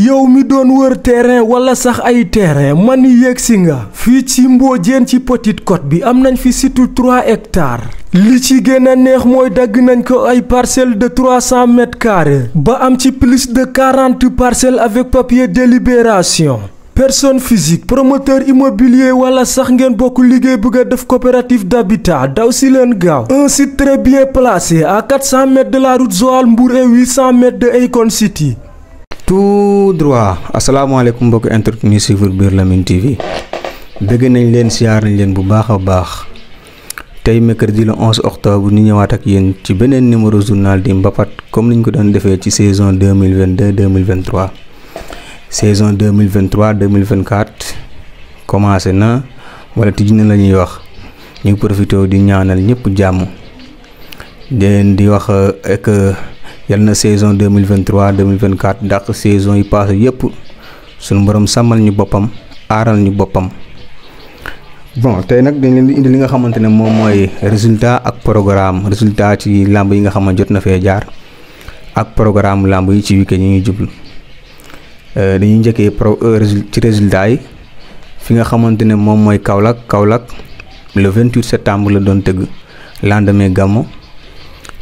yow mi doon wër terrain wala sax ay terrain man yéeg si nga fii ci mboo Mbodiène ci Petite Côte bi am nañ fi surtout 3 hectares li ci gën a neex mooy dagg nañ ko ay parcelles de 300 mètres carrés ba am ci plus de 40 parcelles avec papier délibération personne physique promoteur immobilier wala sax ngeen bokk liggéey bëgg def coopérative d'habitat daw si leen gaaw un site très bien placé à 400 mètres de la route Joal Mbour et 800 mètres de Akon City tout droit asalaamaaleykum mbokk internet suivre bir lamine TV bëgg nañ len siyaar nañ len bu baakha baax mercredi le 11 octobre ni ñewat ak yeen ci benen numéro journal di Mbapat comme niñ ko done defé ci saison 2022 2023 saison 2023 2024 commencé na wala tijji na lañuy wax ñu profito di ñaanal ñepp jamm di di wax euh, ak euh, yal na saison 2023 2024 dàq saison yi passé yëpp suñu borom sàmmal ñu boppam aaral ñu boppam bon tey nag dañ leen di indi li nga xamante ne moom mooy résultat ak programme résultat ci làmb yi nga xaman jot na fee jaar ak programme làmb yi ci week-end yi ñuy jublu euh, dañuy njëkkee pro euh, ci résultat yi fi nga xamante ne moom mooy Kaolack Kaolack le 28 septembre la doon tëgg lendemain Gammo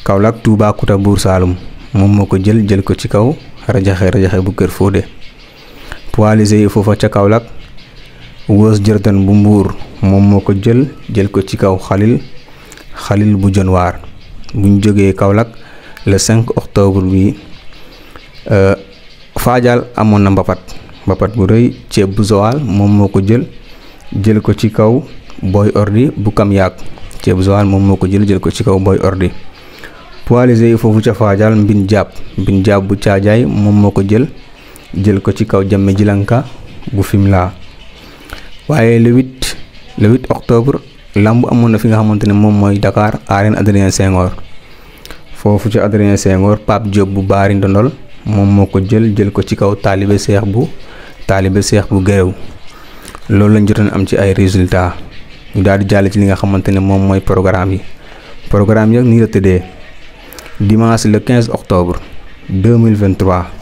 Kaolack Touba Kouta Buur Saalum moom moo ko jël jël ko ci kaw rajaxe rajaxe bu kër Fodé poilisé yi foofa ca Kaolack woos jërtan bu mbuur moom moo ko jël jël ko ci kaw xalil xalil bu jonwaar buñ jógee Kaolack le 5 octobre bi euh, faajaal amoon na mbapat mbapat bu rëy ceeb bu Joal moom moo ko jël jël ko ci kaw booy ordi bu kam yaag ceeb bu Joal moom moo ko jël jël ko ci kaw booy ordi poilise yi foofu ca faajaal mbin jaab mbin jaab bu caajaay moom moo ko jël jël ko ci kaw jàmme jilanka bu Fimela waaye le 8 le 8 octobre lamb amoon na fi nga xamante ne moom mooy dakaar arène Adrien Senghor foofu ca Adrien Senghor Pape Diop bu baari ndondol moom moo ko jël jël ko ci kaw taalibe seex bu taalibe seex bu géréw loolu lañ jotoon am ci ay résultat ñu daal di jàll ci li nga xamante ne moom mooy programme yi programme yi nii la tëddee. dimanche le quinze octobre 2023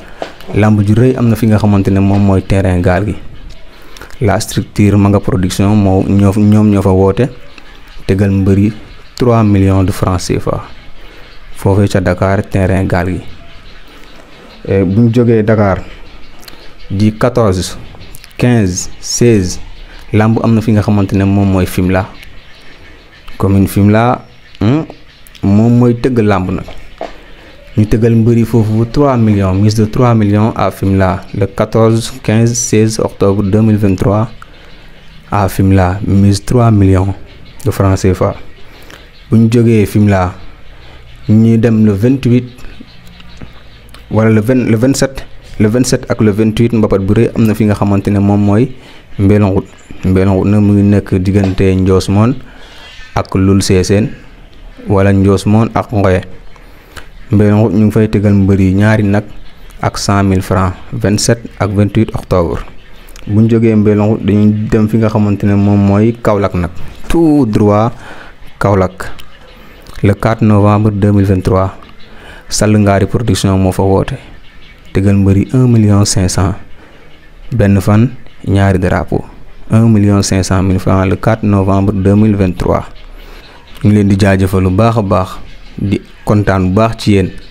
lamb ju rëy am na fi nga xamante ne moom mooy terrain gaal gi la structure Manga Production moo ñoo fa woote tegal mbëri 3 millions de francs CFA foofee ca Dakar terrain gaal gi e, bu jógee Dakar di 14 quinze 16 lamb am na fi nga xamante ne moom mooy Fimela commune Fimela hmm, moom mooy tëgg làmb nag nous avons mbëri 3 millions mise de 3 millions à Fimla le 14 15 16 octobre 2023 à Fimla, mis 3 millions de francs CFA nous avons jógee Fimela le 28 wala le 20 le 27 le 27 ak le 28 nous bu rëy le na fi nga xamante ne moom mooy Mbelongout Mbelongout nag mu ngi nekk diggante Ndiosmone ak lul Sessène wala Ndiosmone ak Ngoye. mbéyum ñu ngi fay tegal mbeuri ñaari nak ak 100000 francs 27 ak 28 octobre buñ joggé mbeen mbéyum dañu dem fi nga xamantene mom moy kaolak nak tout droit kaolak le 4 novembre 2023 sal Ngari production mo fa woote tegal mbeuri 1 million 500 ben fan ñaari drapeau 1 million 500 mille francs le 4 novembre 2023 ñu leen di jaajëfal lu baax. di kontaan bu baax ci yéen